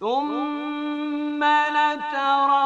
ثم لترى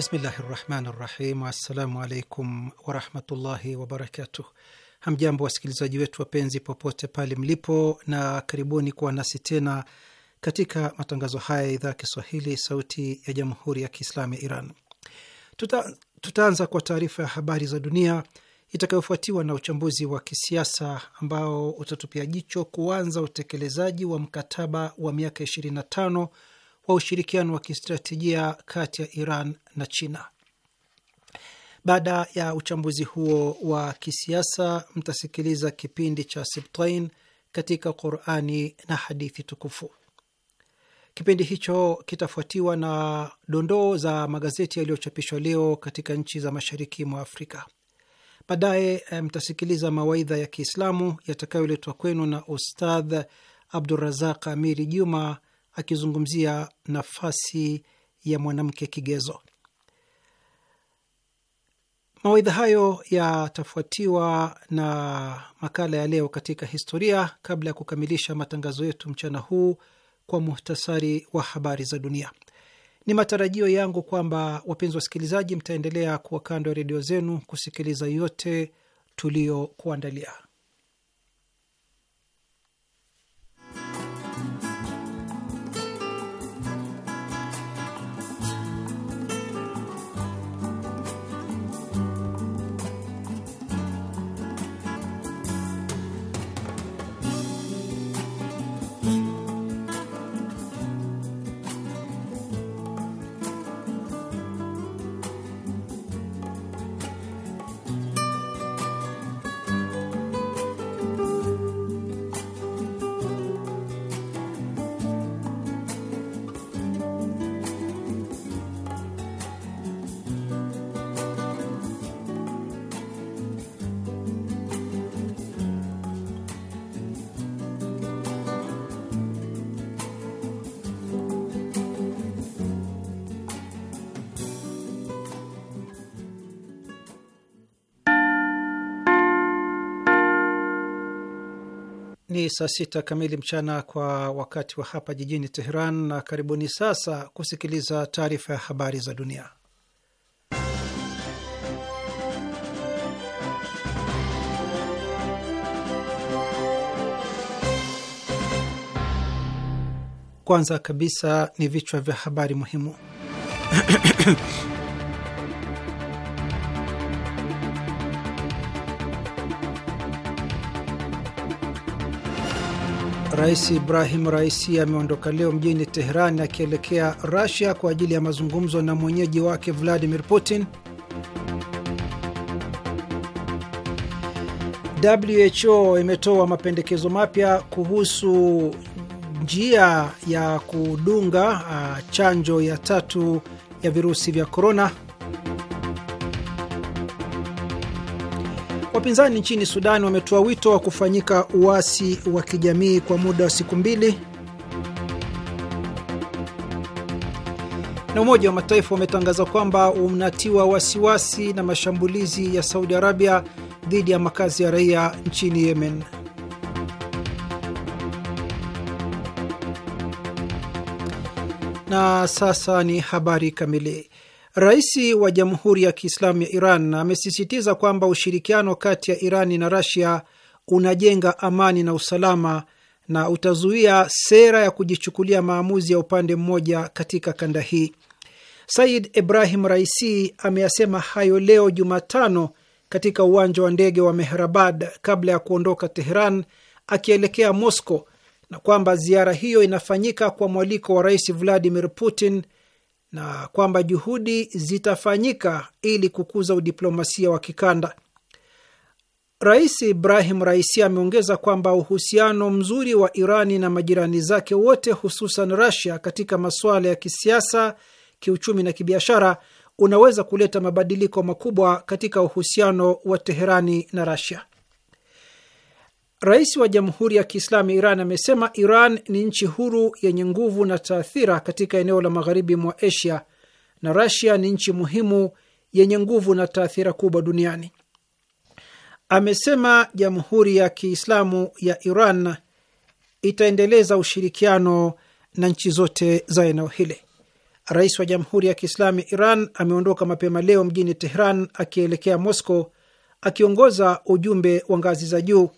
Bismillahi rahmani rahim. Assalamu alaikum warahmatullahi wabarakatuh. Hamjambo wasikilizaji wetu wapenzi, popote pale mlipo, na karibuni kuwa nasi tena katika matangazo haya ya idhaa ya Kiswahili, Sauti ya Jamhuri ya Kiislamu ya Iran. Tuta, tutaanza kwa taarifa ya habari za dunia itakayofuatiwa na uchambuzi wa kisiasa ambao utatupia jicho kuanza utekelezaji wa mkataba wa miaka tano wa ushirikiano wa kistratejia kati ya Iran na China. Baada ya uchambuzi huo wa kisiasa, mtasikiliza kipindi cha Sibtain katika Qurani na hadithi tukufu. Kipindi hicho kitafuatiwa na dondoo za magazeti yaliyochapishwa leo katika nchi za mashariki mwa Afrika. Baadaye eh, mtasikiliza mawaidha ya Kiislamu yatakayoletwa kwenu na Ustadh Abdurazaq Amiri Juma akizungumzia nafasi ya mwanamke kigezo. Mawaidha hayo yatafuatiwa na makala ya leo katika historia, kabla ya kukamilisha matangazo yetu mchana huu kwa muhtasari wa habari za dunia. Ni matarajio yangu kwamba wapenzi wasikilizaji, mtaendelea kuwa kando ya redio zenu kusikiliza yote tuliyokuandalia. ni saa sita kamili mchana kwa wakati wa hapa jijini Teheran, na karibuni sasa kusikiliza taarifa ya habari za dunia. Kwanza kabisa ni vichwa vya habari muhimu Rais Ibrahim Raisi ameondoka leo mjini teheran akielekea Rasia kwa ajili ya mazungumzo na mwenyeji wake Vladimir Putin. WHO imetoa mapendekezo mapya kuhusu njia ya kudunga uh, chanjo ya tatu ya virusi vya korona. Wapinzani nchini Sudani wametoa wito wa kufanyika uasi wa kijamii kwa muda wa siku mbili. Na Umoja wa Mataifa umetangaza kwamba unatiwa wasiwasi na mashambulizi ya Saudi Arabia dhidi ya makazi ya raia nchini Yemen. Na sasa ni habari kamili. Rais wa Jamhuri ya Kiislamu ya Iran amesisitiza kwamba ushirikiano kati ya Irani na Rasia unajenga amani na usalama na utazuia sera ya kujichukulia maamuzi ya upande mmoja katika kanda hii. Said Ibrahim Raisi ameyasema hayo leo Jumatano katika uwanja wa ndege wa Mehrabad kabla ya kuondoka Teheran akielekea Moscow na kwamba ziara hiyo inafanyika kwa mwaliko wa Rais Vladimir Putin na kwamba juhudi zitafanyika ili kukuza udiplomasia wa kikanda. Rais Ibrahim Raisi ameongeza kwamba uhusiano mzuri wa Irani na majirani zake wote, hususan Rasia, katika masuala ya kisiasa, kiuchumi na kibiashara unaweza kuleta mabadiliko makubwa katika uhusiano wa Teherani na Rasia. Rais wa Jamhuri ya Kiislamu Iran amesema Iran ni nchi huru yenye nguvu na taathira katika eneo la magharibi mwa Asia na Rasia ni nchi muhimu yenye nguvu na taathira kubwa duniani. Amesema Jamhuri ya Kiislamu ya Iran itaendeleza ushirikiano na nchi zote za eneo hili. Rais wa Jamhuri ya Kiislamu Iran ameondoka mapema leo mjini Tehran akielekea Moscow akiongoza ujumbe wa ngazi za juu.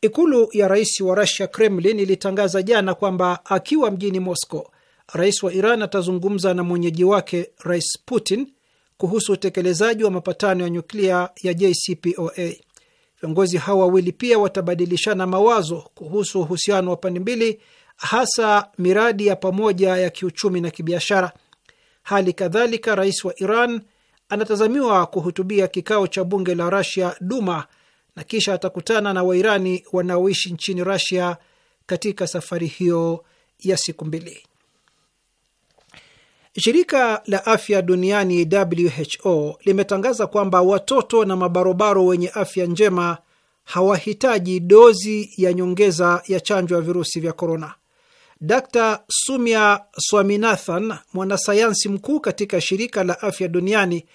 Ikulu ya rais wa Rusia, Kremlin, ilitangaza jana kwamba akiwa mjini Moscow, rais wa Iran atazungumza na mwenyeji wake Rais Putin kuhusu utekelezaji wa mapatano ya nyuklia ya JCPOA. Viongozi hawa wawili pia watabadilishana mawazo kuhusu uhusiano wa pande mbili, hasa miradi ya pamoja ya kiuchumi na kibiashara. Hali kadhalika, rais wa Iran anatazamiwa kuhutubia kikao cha bunge la Rusia, Duma, na kisha atakutana na Wairani wanaoishi nchini Rasia katika safari hiyo ya siku mbili. Shirika la afya duniani WHO limetangaza kwamba watoto na mabarobaro wenye afya njema hawahitaji dozi ya nyongeza ya chanjo ya virusi vya korona. Dr Sumia Swaminathan, mwanasayansi mkuu katika shirika la afya duniani,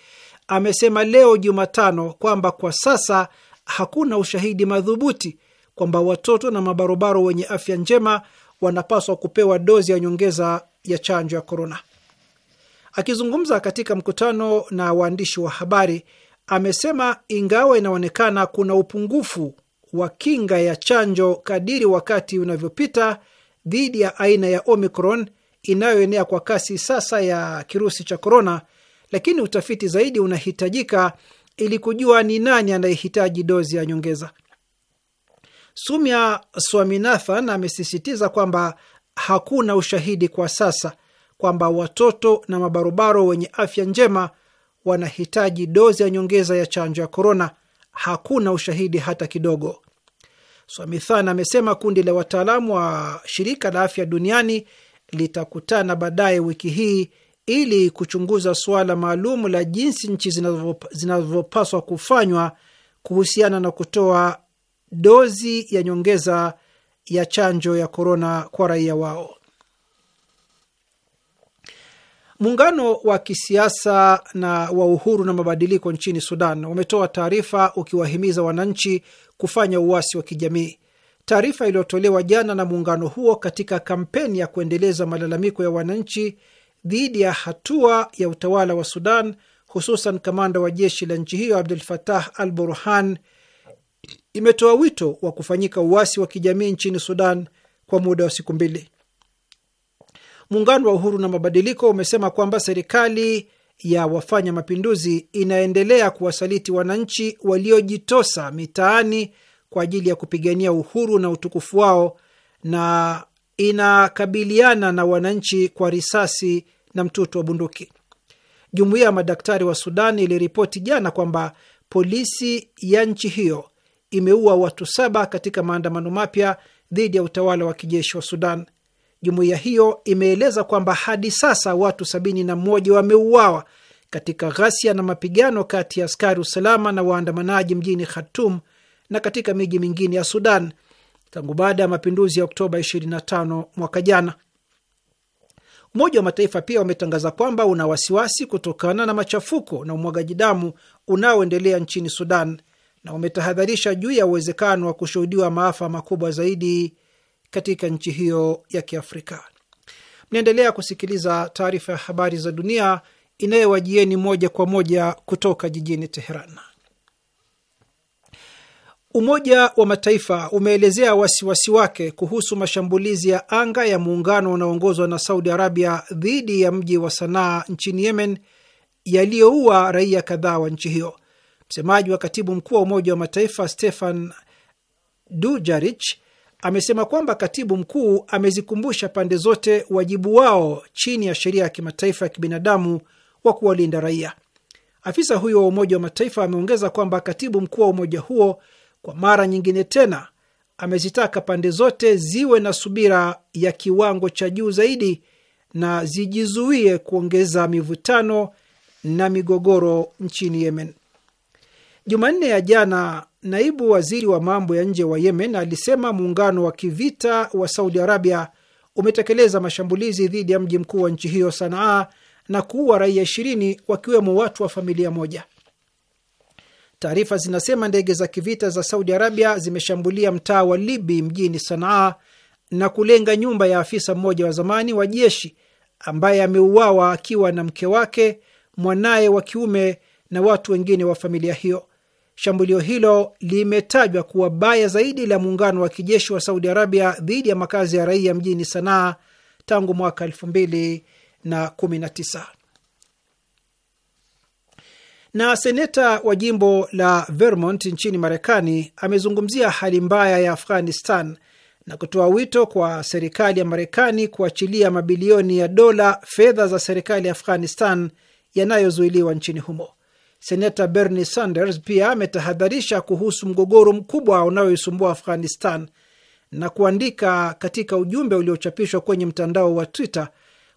amesema leo Jumatano kwamba kwa sasa hakuna ushahidi madhubuti kwamba watoto na mabarobaro wenye afya njema wanapaswa kupewa dozi ya nyongeza ya chanjo ya korona. Akizungumza katika mkutano na waandishi wa habari, amesema ingawa inaonekana kuna upungufu wa kinga ya chanjo kadiri wakati unavyopita dhidi ya aina ya Omicron inayoenea kwa kasi sasa ya kirusi cha korona, lakini utafiti zaidi unahitajika ili kujua ni nani anayehitaji dozi ya nyongeza. Sumya Swaminathan amesisitiza kwamba hakuna ushahidi kwa sasa kwamba watoto na mabarobaro wenye afya njema wanahitaji dozi ya nyongeza ya chanjo ya korona. Hakuna ushahidi hata kidogo. Swamithan amesema kundi la wataalamu wa shirika la afya duniani litakutana baadaye wiki hii ili kuchunguza suala maalum la jinsi nchi zinavyopaswa kufanywa kuhusiana na kutoa dozi ya nyongeza ya chanjo ya korona kwa raia wao. Muungano wa kisiasa na wa uhuru na mabadiliko nchini Sudan wametoa taarifa ukiwahimiza wananchi kufanya uasi wa kijamii. Taarifa iliyotolewa jana na muungano huo katika kampeni ya kuendeleza malalamiko ya wananchi dhidi ya hatua ya utawala wa Sudan, hususan kamanda wa jeshi la nchi hiyo Abdul Fatah al Burhan, imetoa wito wa kufanyika uasi wa kijamii nchini Sudan kwa muda wa siku mbili. Muungano wa Uhuru na Mabadiliko umesema kwamba serikali ya wafanya mapinduzi inaendelea kuwasaliti wananchi waliojitosa mitaani kwa ajili ya kupigania uhuru na utukufu wao na inakabiliana na wananchi kwa risasi na mtutu wa bunduki. Jumuiya ya madaktari wa Sudan iliripoti jana kwamba polisi ya nchi hiyo imeua watu saba katika maandamano mapya dhidi ya utawala wa kijeshi wa Sudan. Jumuiya hiyo imeeleza kwamba hadi sasa watu sabini na mmoja wameuawa katika ghasia na mapigano kati ya askari usalama na waandamanaji mjini khatum na katika miji mingine ya Sudan tangu baada ya mapinduzi ya Oktoba 25 mwaka jana. Umoja wa Mataifa pia wametangaza kwamba una wasiwasi kutokana na machafuko na umwagaji damu unaoendelea nchini Sudan na umetahadharisha juu ya uwezekano wa kushuhudiwa maafa makubwa zaidi katika nchi hiyo ya Kiafrika. Mnaendelea kusikiliza taarifa ya habari za dunia inayowajieni moja kwa moja kutoka jijini Teheran. Umoja wa Mataifa umeelezea wasiwasi wake kuhusu mashambulizi ya anga ya muungano unaoongozwa na Saudi Arabia dhidi ya mji wa Sanaa nchini Yemen yaliyoua raia kadhaa wa nchi hiyo. Msemaji wa katibu mkuu wa Umoja wa Mataifa Stefan dujarich amesema kwamba katibu mkuu amezikumbusha pande zote wajibu wao chini ya sheria ya kimataifa ya kibinadamu wa kuwalinda raia. Afisa huyo wa Umoja wa Mataifa ameongeza kwamba katibu mkuu wa umoja huo kwa mara nyingine tena amezitaka pande zote ziwe na subira ya kiwango cha juu zaidi na zijizuie kuongeza mivutano na migogoro nchini Yemen. Jumanne ya jana, naibu waziri wa mambo ya nje wa Yemen alisema muungano wa kivita wa Saudi Arabia umetekeleza mashambulizi dhidi ya mji mkuu wa nchi hiyo Sanaa na kuua raia ishirini wakiwemo watu wa familia moja. Taarifa zinasema ndege za kivita za Saudi Arabia zimeshambulia mtaa wa Libi mjini Sanaa na kulenga nyumba ya afisa mmoja wa zamani wa jeshi ambaye ameuawa akiwa na mke wake, mwanaye wa kiume na watu wengine wa familia hiyo. Shambulio hilo limetajwa kuwa baya zaidi la muungano wa kijeshi wa Saudi Arabia dhidi ya makazi ya raia mjini Sanaa tangu mwaka 219 na seneta wa jimbo la Vermont nchini Marekani amezungumzia hali mbaya ya Afghanistan na kutoa wito kwa serikali ya Marekani kuachilia mabilioni ya dola fedha za serikali ya Afghanistan yanayozuiliwa nchini humo. Seneta Bernie Sanders pia ametahadharisha kuhusu mgogoro mkubwa unayoisumbua Afghanistan na kuandika katika ujumbe uliochapishwa kwenye mtandao wa Twitter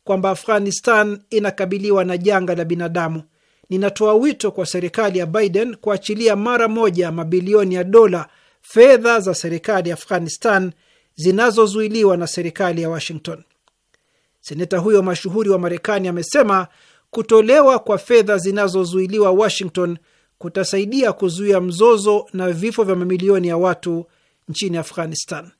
kwamba Afghanistan inakabiliwa na janga la binadamu ninatoa wito kwa serikali ya Biden kuachilia mara moja mabilioni ya dola, fedha za serikali ya Afghanistan zinazozuiliwa na serikali ya Washington. Seneta huyo mashuhuri wa Marekani amesema kutolewa kwa fedha zinazozuiliwa Washington kutasaidia kuzuia mzozo na vifo vya mamilioni ya watu nchini Afghanistan.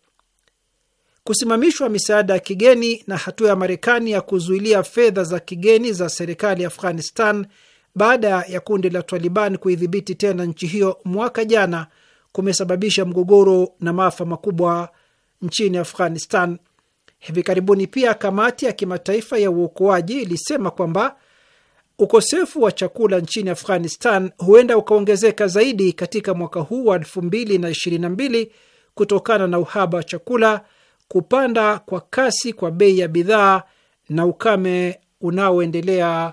Kusimamishwa misaada ya kigeni na hatua ya Marekani ya kuzuilia fedha za kigeni za serikali ya Afghanistan baada ya kundi la Taliban kuidhibiti tena nchi hiyo mwaka jana kumesababisha mgogoro na maafa makubwa nchini Afghanistan. Hivi karibuni pia kamati ya kimataifa ya uokoaji ilisema kwamba ukosefu wa chakula nchini Afghanistan huenda ukaongezeka zaidi katika mwaka huu wa 2022 kutokana na uhaba wa chakula, kupanda kwa kasi kwa bei ya bidhaa na ukame unaoendelea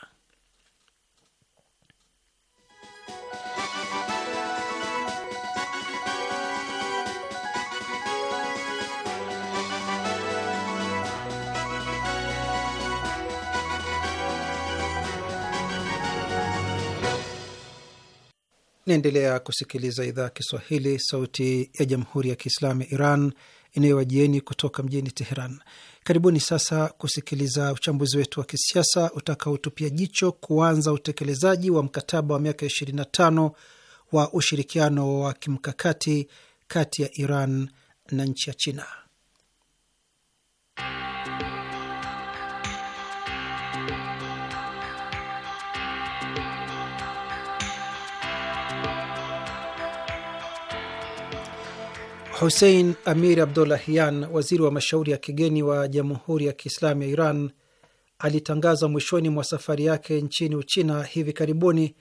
Naendelea kusikiliza idhaa ya Kiswahili, sauti ya jamhuri ya kiislamu ya Iran inayowajieni kutoka mjini Teheran. Karibuni sasa kusikiliza uchambuzi wetu wa kisiasa utakaotupia jicho kuanza utekelezaji wa mkataba wa miaka 25 wa ushirikiano wa kimkakati kati ya Iran na nchi ya China. Hussein Amir Abdollahian, waziri wa mashauri ya kigeni wa Jamhuri ya Kiislamu ya Iran, alitangaza mwishoni mwa safari yake nchini Uchina hivi karibuni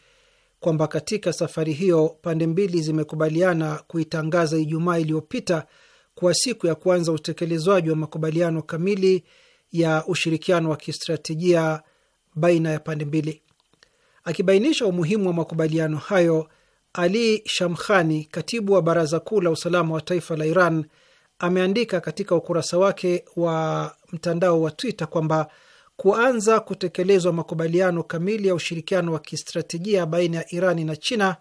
kwamba katika safari hiyo pande mbili zimekubaliana kuitangaza Ijumaa iliyopita kuwa siku ya kuanza utekelezwaji wa makubaliano kamili ya ushirikiano wa kistratejia baina ya pande mbili. Akibainisha umuhimu wa makubaliano hayo, ali Shamkhani, katibu wa Baraza Kuu la Usalama wa Taifa la Iran, ameandika katika ukurasa wake wa mtandao wa Twitter kwamba kuanza kutekelezwa makubaliano kamili ya ushirikiano wa kistratejia baina ya Irani na China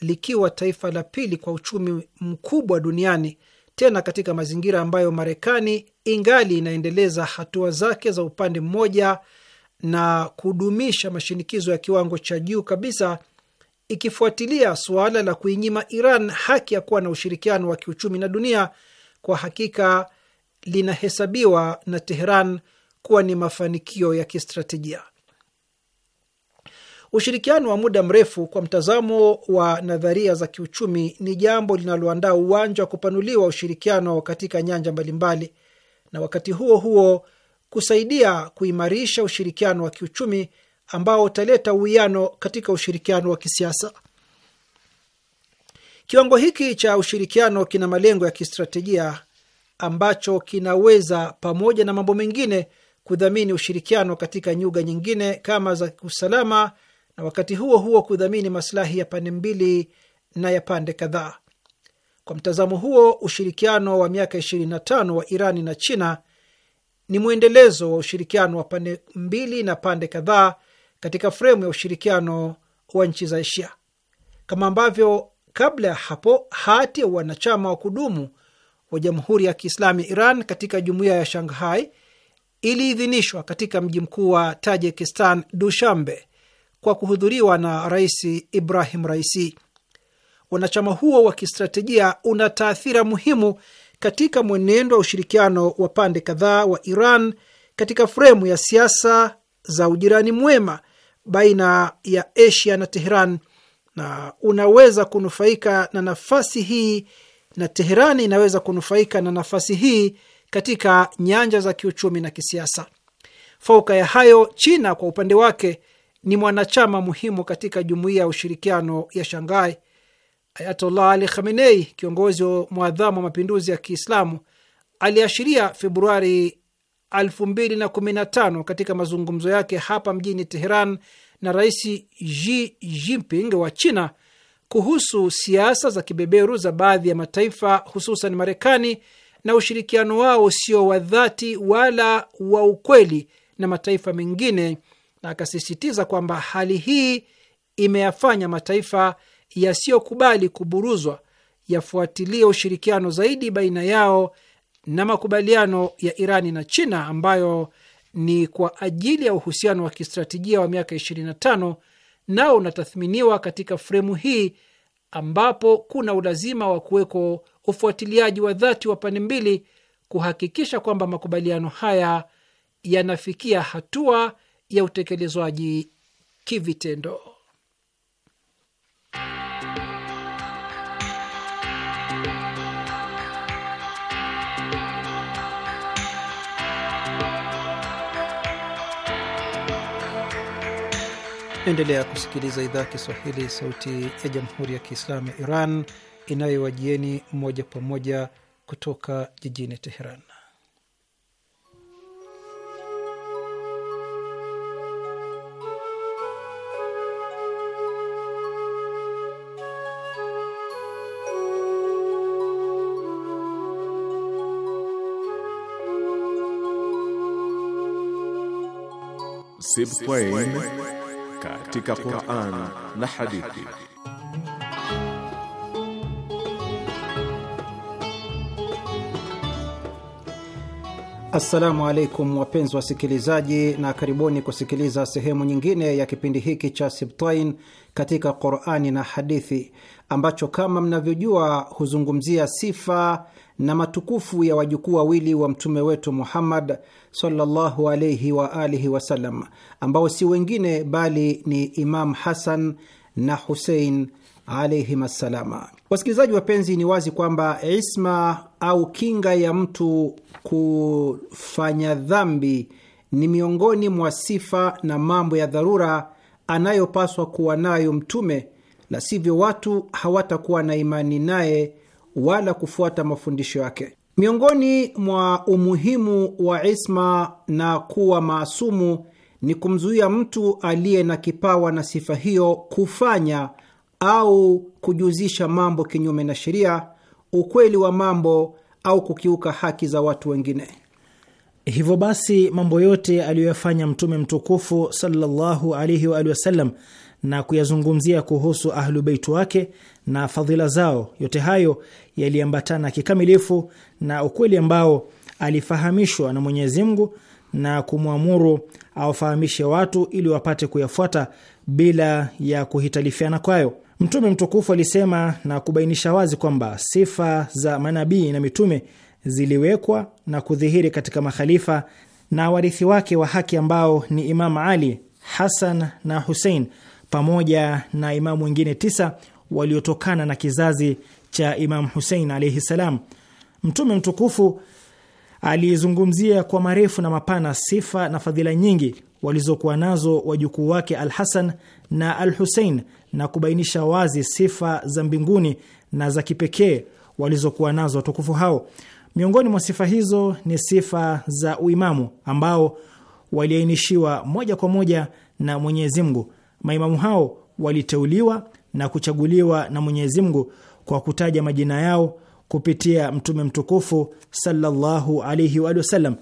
likiwa taifa la pili kwa uchumi mkubwa duniani, tena katika mazingira ambayo Marekani ingali inaendeleza hatua zake za upande mmoja na kudumisha mashinikizo ya kiwango cha juu kabisa ikifuatilia suala la kuinyima Iran haki ya kuwa na ushirikiano wa kiuchumi na dunia, kwa hakika linahesabiwa na Teheran kuwa ni mafanikio ya kistratejia. Ushirikiano wa muda mrefu kwa mtazamo wa nadharia za kiuchumi ni jambo linaloandaa uwanja wa kupanuliwa ushirikiano katika nyanja mbalimbali, na wakati huo huo kusaidia kuimarisha ushirikiano wa kiuchumi ambao utaleta uwiano katika ushirikiano wa kisiasa. Kiwango hiki cha ushirikiano kina malengo ya kistratejia ambacho kinaweza pamoja na mambo mengine kudhamini ushirikiano katika nyuga nyingine kama za usalama na wakati huo huo kudhamini masilahi ya pande mbili na ya pande kadhaa. Kwa mtazamo huo, ushirikiano wa miaka 25 wa Irani na China ni mwendelezo wa ushirikiano wa pande mbili na pande kadhaa katika fremu ya ushirikiano wa nchi za Asia, kama ambavyo kabla ya hapo hati ya wanachama wa kudumu wa Jamhuri ya Kiislamu ya Iran katika jumuiya ya Shanghai iliidhinishwa katika mji mkuu wa Tajikistan, Dushambe, kwa kuhudhuriwa na Rais Ibrahim Raisi. Wanachama huo wa kistratejia una taathira muhimu katika mwenendo wa ushirikiano wa pande kadhaa wa Iran katika fremu ya siasa za ujirani mwema baina ya Asia na Teheran, na unaweza kunufaika na nafasi hii na Teherani inaweza kunufaika na nafasi hii katika nyanja za kiuchumi na kisiasa. Fauka ya hayo, China kwa upande wake ni mwanachama muhimu katika jumuiya ya ushirikiano ya Shanghai. Ayatollah Ali Khamenei, kiongozi mwadhamu wa mapinduzi ya Kiislamu, aliashiria Februari 2015 katika mazungumzo yake hapa mjini Teheran na Rais Xi Jinping wa China kuhusu siasa za kibeberu za baadhi ya mataifa hususan Marekani na ushirikiano wao usio wa dhati wala wa ukweli na mataifa mengine, na akasisitiza kwamba hali hii imeyafanya mataifa yasiyokubali kuburuzwa yafuatilie ushirikiano zaidi baina yao na makubaliano ya Irani na China ambayo ni kwa ajili ya uhusiano wa kistratejia wa miaka 25 nao unatathminiwa katika fremu hii ambapo kuna ulazima wa kuweko ufuatiliaji wa dhati wa pande mbili kuhakikisha kwamba makubaliano haya yanafikia hatua ya utekelezwaji kivitendo. endelea kusikiliza idhaa Kiswahili sauti ya jamhuri ya Kiislamu ya Iran inayowajieni moja kwa moja kutoka jijini Teheran. katika Qur'an na hadithi. Assalamu alaikum wapenzi wasikilizaji, na karibuni kusikiliza sehemu nyingine ya kipindi hiki cha Sibtain katika Qurani na Hadithi, ambacho kama mnavyojua huzungumzia sifa na matukufu ya wajukuu wawili wa mtume wetu Muhammad sallallahu alaihi wa alihi wasallam, ambao si wengine bali ni Imam Hasan na Husein alaihim assalama. Wasikilizaji wapenzi, ni wazi kwamba isma au kinga ya mtu kufanya dhambi ni miongoni mwa sifa na mambo ya dharura anayopaswa kuwa nayo Mtume, la sivyo watu hawatakuwa na imani naye wala kufuata mafundisho yake. Miongoni mwa umuhimu wa isma na kuwa maasumu ni kumzuia mtu aliye na kipawa na sifa hiyo kufanya au kujuzisha mambo kinyume na sheria, ukweli wa mambo, au kukiuka haki za watu wengine. Hivyo basi mambo yote aliyoyafanya Mtume mtukufu sallallahu alaihi wasallam na kuyazungumzia kuhusu ahlubeitu wake na fadhila zao, yote hayo yaliambatana kikamilifu na ukweli ambao alifahamishwa na Mwenyezi Mungu na kumwamuru awafahamishe watu ili wapate kuyafuata bila ya kuhitalifiana kwayo. Mtume mtukufu alisema na kubainisha wazi kwamba sifa za manabii na mitume ziliwekwa na kudhihiri katika makhalifa na warithi wake wa haki ambao ni Imamu Ali, Hasan na Husein pamoja na imamu wengine tisa waliotokana na kizazi cha Imamu Husein alaihi ssalam Mtume mtukufu aliizungumzia kwa marefu na mapana sifa na fadhila nyingi walizokuwa nazo wajukuu wake Al Hasan na Al Husein na kubainisha wazi sifa za mbinguni na za kipekee walizokuwa nazo watukufu hao. Miongoni mwa sifa hizo ni sifa za uimamu ambao waliainishiwa moja kwa moja na Mwenyezi Mungu. Maimamu hao waliteuliwa na kuchaguliwa na Mwenyezi Mungu kwa kutaja majina yao kupitia Mtume mtukufu sallallahu alaihi wa sallam.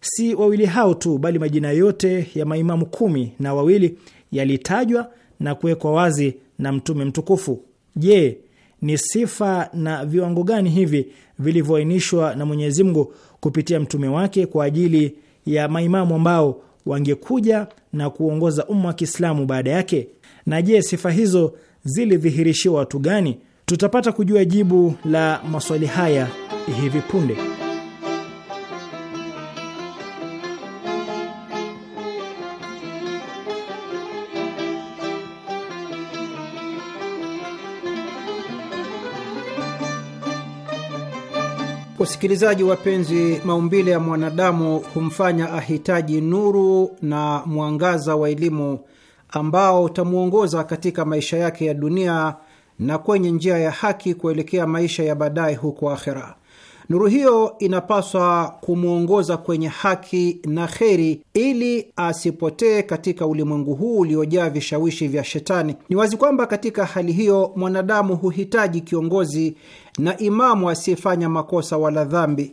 Si wawili hao tu, bali majina yote ya maimamu kumi na wawili yalitajwa na kuwekwa wazi na mtume mtukufu. Je, ni sifa na viwango gani hivi vilivyoainishwa na Mwenyezi Mungu kupitia mtume wake kwa ajili ya maimamu ambao wangekuja na kuongoza umma wa Kiislamu baada yake? Na je, sifa hizo zilidhihirishiwa watu gani? Tutapata kujua jibu la maswali haya hivi punde. Wasikilizaji wapenzi, maumbile ya mwanadamu humfanya ahitaji nuru na mwangaza wa elimu ambao utamwongoza katika maisha yake ya dunia na kwenye njia ya haki kuelekea maisha ya baadaye huko akhera. Nuru hiyo inapaswa kumwongoza kwenye haki na kheri, ili asipotee katika ulimwengu huu uliojaa vishawishi vya Shetani. Ni wazi kwamba katika hali hiyo mwanadamu huhitaji kiongozi na imamu asiyefanya makosa wala dhambi,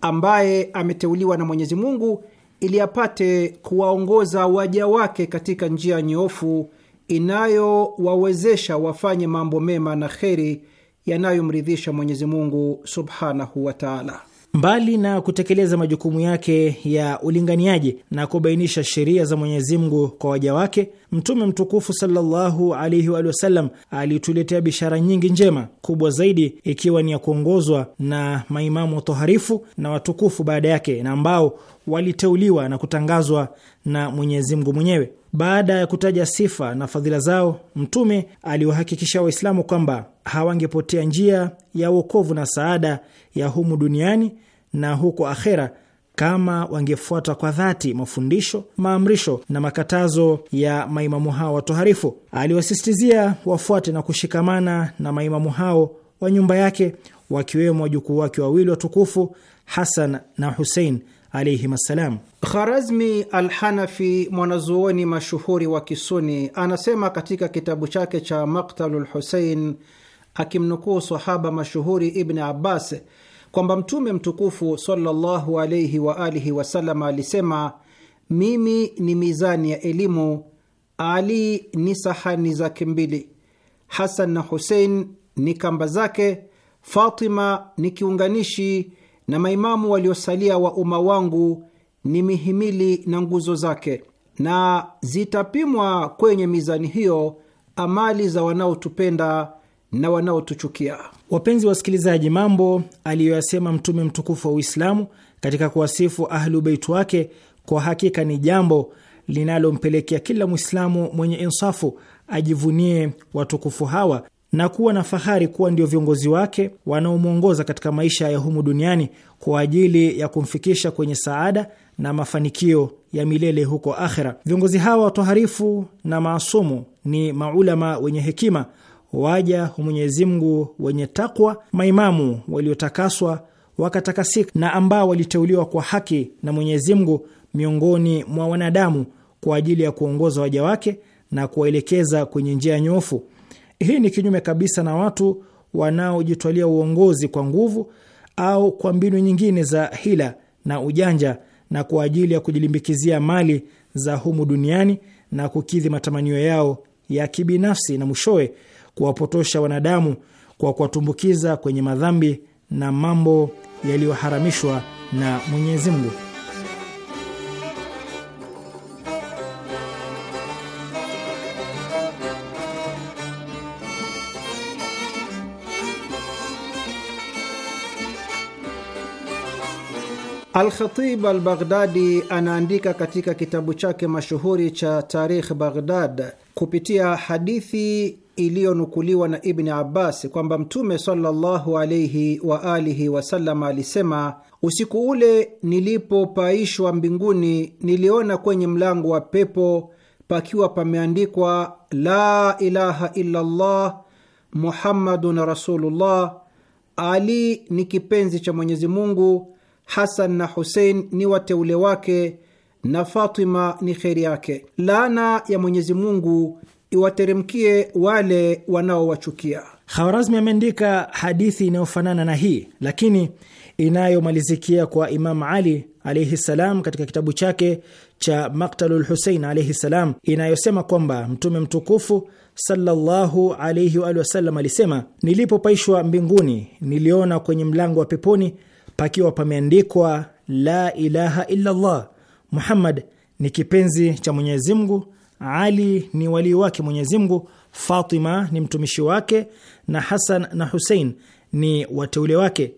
ambaye ameteuliwa na Mwenyezi Mungu ili apate kuwaongoza waja wake katika njia nyoofu inayowawezesha wafanye mambo mema na kheri yanayomridhisha Mwenyezi Mungu subhanahu wa taala. Mbali na kutekeleza majukumu yake ya ulinganiaji na kubainisha sheria za Mwenyezi Mungu kwa waja wake, Mtume mtukufu sallallahu alaihi wa sallam alituletea bishara nyingi njema, kubwa zaidi ikiwa ni ya kuongozwa na maimamu watoharifu na watukufu baada yake, na ambao waliteuliwa na kutangazwa na Mwenyezi Mungu mwenyewe. Baada ya kutaja sifa na fadhila zao, Mtume aliwahakikisha Waislamu kwamba hawangepotea njia ya wokovu na saada ya humu duniani na huko akhera kama wangefuata kwa dhati mafundisho, maamrisho na makatazo ya maimamu hao watoharifu. Aliwasisitizia wafuate na kushikamana na maimamu hao wa nyumba yake, wakiwemo wajukuu wake wawili watukufu Hasan na Husein alaihim assalam. Kharazmi Alhanafi, mwanazuoni mashuhuri wa Kisuni, anasema katika kitabu chake cha Maktalu Lhusein, akimnukuu sahaba mashuhuri Ibni Abbas kwamba Mtume mtukufu sallallahu wa alihi wasallam alisema, mimi ni mizani ya elimu, Ali ni sahani zake mbili, Hasan na Husein ni kamba zake, Fatima ni kiunganishi, na maimamu waliosalia wa umma wangu ni mihimili na nguzo zake, na zitapimwa kwenye mizani hiyo amali za wanaotupenda na wanaotuchukia. Wapenzi wasikilizaji, mambo aliyoyasema Mtume mtukufu wa Uislamu katika kuwasifu Ahlu Beit wake kwa hakika ni jambo linalompelekea kila Mwislamu mwenye insafu ajivunie watukufu hawa na kuwa na fahari kuwa ndio viongozi wake wanaomwongoza katika maisha ya humu duniani kwa ajili ya kumfikisha kwenye saada na mafanikio ya milele huko akhira Viongozi hawa watoharifu na maasumu ni maulama wenye hekima waja wa Mwenyezi Mungu wenye takwa, maimamu waliotakaswa wakatakasika, na ambao waliteuliwa kwa haki na Mwenyezi Mungu miongoni mwa wanadamu kwa ajili ya kuongoza waja wake na kuwaelekeza kwenye njia nyofu. Hii ni kinyume kabisa na watu wanaojitwalia uongozi kwa nguvu au kwa mbinu nyingine za hila na ujanja na kwa ajili ya kujilimbikizia mali za humu duniani na kukidhi matamanio yao ya kibinafsi na mwishowe kuwapotosha wanadamu kwa kuwatumbukiza kwenye madhambi na mambo yaliyoharamishwa na Mwenyezi Mungu. al al-Baghdadi anaandika katika kitabu chake mashuhuri cha Tarikh Baghdad kupitia hadithi iliyonukuliwa na Ibni Abbas kwamba Mtume sallallahu alaihi waalihi wasallam alisema, usiku ule nilipopaishwa mbinguni, niliona kwenye mlango wa pepo pakiwa pameandikwa la ilaha illallah muhammadun rasulullah, Ali ni kipenzi cha Mwenyezi Mungu, Hasan na Husein ni wateule wake na Fatima ni kheri yake. Laana ya Mwenyezi Mungu iwateremkie wale wanaowachukia. Khawarazmi ameandika hadithi inayofanana na hii lakini inayomalizikia kwa Imam Ali alaihi ssalam katika kitabu chake cha Maktalu lhusein alaihi salam, inayosema kwamba Mtume mtukufu sallallahu alaihi waalihi wasallam alisema, nilipopaishwa mbinguni niliona kwenye mlango wa peponi pakiwa pameandikwa la ilaha illallah, Muhammad ni kipenzi cha Mwenyezi Mungu ali ni walii wake Mwenyezi Mungu, Fatima ni mtumishi wake, na Hasan na Husein ni wateule wake.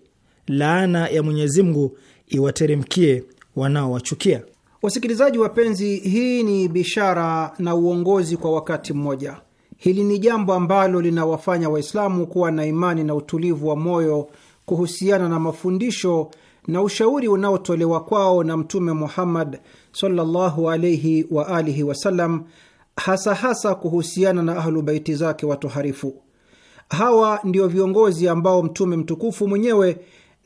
Laana ya Mwenyezi Mungu iwateremkie wanaowachukia. Wasikilizaji wapenzi, hii ni bishara na uongozi kwa wakati mmoja. Hili ni jambo ambalo linawafanya Waislamu kuwa na imani na utulivu wa moyo kuhusiana na mafundisho na ushauri unaotolewa kwao na Mtume Muhammad sallallahu alaihi wa alihi wasallam, hasa hasa kuhusiana na ahlubaiti zake watoharifu. Hawa ndio viongozi ambao Mtume mtukufu mwenyewe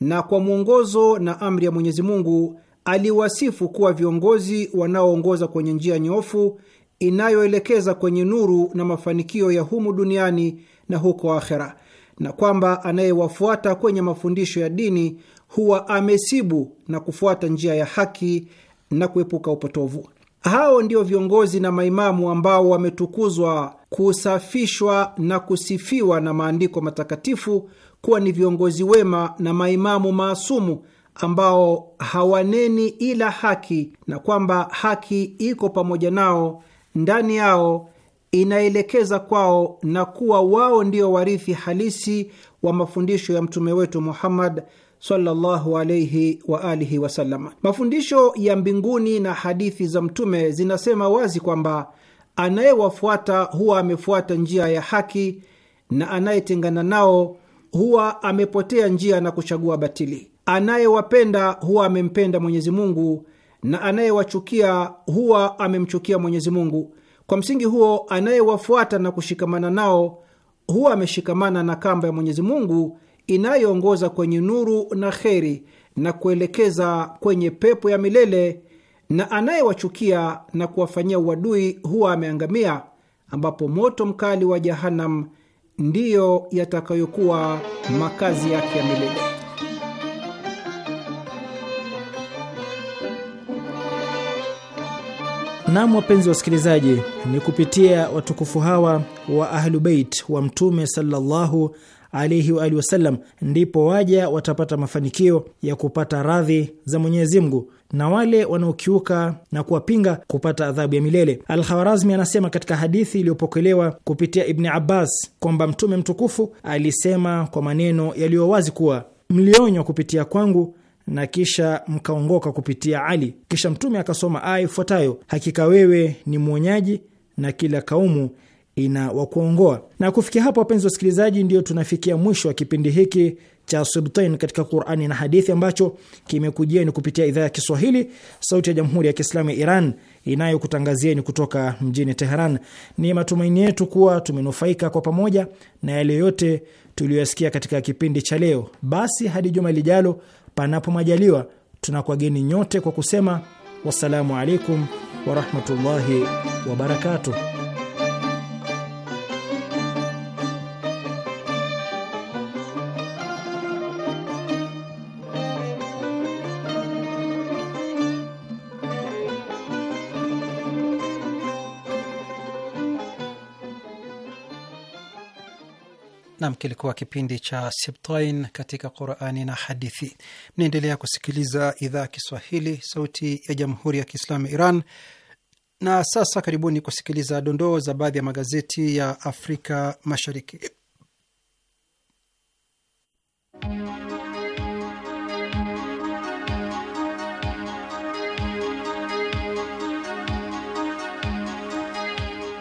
na kwa mwongozo na amri ya Mwenyezi Mungu aliwasifu kuwa viongozi wanaoongoza kwenye njia nyofu inayoelekeza kwenye nuru na mafanikio ya humu duniani na huko akhera, na kwamba anayewafuata kwenye mafundisho ya dini huwa amesibu na kufuata njia ya haki na kuepuka upotovu. Hao ndio viongozi na maimamu ambao wametukuzwa, kusafishwa na kusifiwa na maandiko matakatifu kuwa ni viongozi wema na maimamu maasumu ambao hawaneni ila haki, na kwamba haki iko pamoja nao, ndani yao, inaelekeza kwao, na kuwa wao ndio warithi halisi wa mafundisho ya mtume wetu Muhammad sallallahu alayhi wa alihi wasallam. Mafundisho ya mbinguni na hadithi za Mtume zinasema wazi kwamba anayewafuata huwa amefuata njia ya haki na anayetengana nao huwa amepotea njia na kuchagua batili. Anayewapenda huwa amempenda Mwenyezi Mungu na anayewachukia huwa amemchukia Mwenyezi Mungu. Kwa msingi huo, anayewafuata na kushikamana nao huwa ameshikamana na kamba ya Mwenyezi Mungu inayoongoza kwenye nuru na kheri na kuelekeza kwenye pepo ya milele, na anayewachukia na kuwafanyia uadui huwa ameangamia, ambapo moto mkali wa Jahanam ndiyo yatakayokuwa makazi yake ya milele. Nam, wapenzi wasikilizaji, ni kupitia watukufu hawa wa Ahlubeit wa Mtume sallallahu alaihi waalihi wasallam, ndipo waja watapata mafanikio ya kupata radhi za Mwenyezi Mungu na wale wanaokiuka na kuwapinga kupata adhabu ya milele. Al-Khawarazmi anasema katika hadithi iliyopokelewa kupitia Ibni Abbas kwamba Mtume mtukufu alisema kwa maneno yaliyo wazi kuwa mlionywa kupitia kwangu na kisha mkaongoka kupitia Ali. Kisha Mtume akasoma aya ifuatayo: hakika wewe ni mwonyaji na kila kaumu ina wakuongoa. Na kufikia hapo, wapenzi wasikilizaji, ndio tunafikia mwisho wa kipindi hiki cha Sibtain katika Qurani na Hadithi ambacho kimekujieni kupitia idhaa ya Kiswahili, Sauti ya Jamhuri ya Kiislamu ya Iran inayokutangazieni kutoka mjini Teheran. Ni matumaini yetu kuwa tumenufaika kwa pamoja na yale yote tuliyoyasikia katika kipindi cha leo. Basi hadi juma lijalo, panapo majaliwa, tunakwageni nyote kwa kusema wassalamu alaikum warahmatullahi wabarakatuh. Nam, kilikuwa kipindi cha Sibtain katika Qurani na Hadithi. Mnaendelea kusikiliza idhaa ya Kiswahili, Sauti ya Jamhuri ya Kiislamu Iran. Na sasa karibuni kusikiliza dondoo za baadhi ya magazeti ya Afrika Mashariki.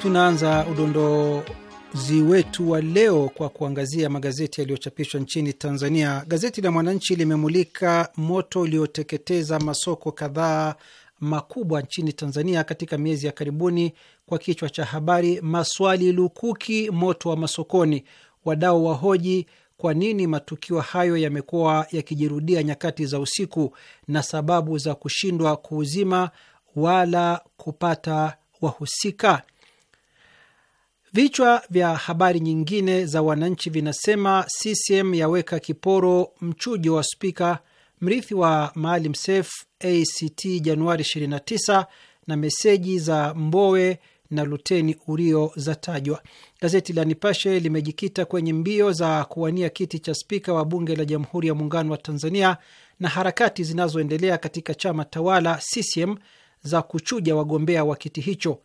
Tunaanza udondoo zi wetu wa leo kwa kuangazia magazeti yaliyochapishwa nchini Tanzania. Gazeti la Mwananchi limemulika moto ulioteketeza masoko kadhaa makubwa nchini Tanzania katika miezi ya karibuni kwa kichwa cha habari, maswali lukuki, moto wa masokoni, wadau wa hoji kwa nini matukio hayo yamekuwa yakijirudia nyakati za usiku na sababu za kushindwa kuuzima wala kupata wahusika. Vichwa vya habari nyingine za Wananchi vinasema CCM yaweka kiporo mchujo wa spika, mrithi wa Maalim Seif ACT Januari 29, na meseji za Mbowe na Luteni Urio za tajwa. Gazeti la Nipashe limejikita kwenye mbio za kuwania kiti cha spika wa bunge la Jamhuri ya Muungano wa Tanzania na harakati zinazoendelea katika chama tawala CCM za kuchuja wagombea wa kiti hicho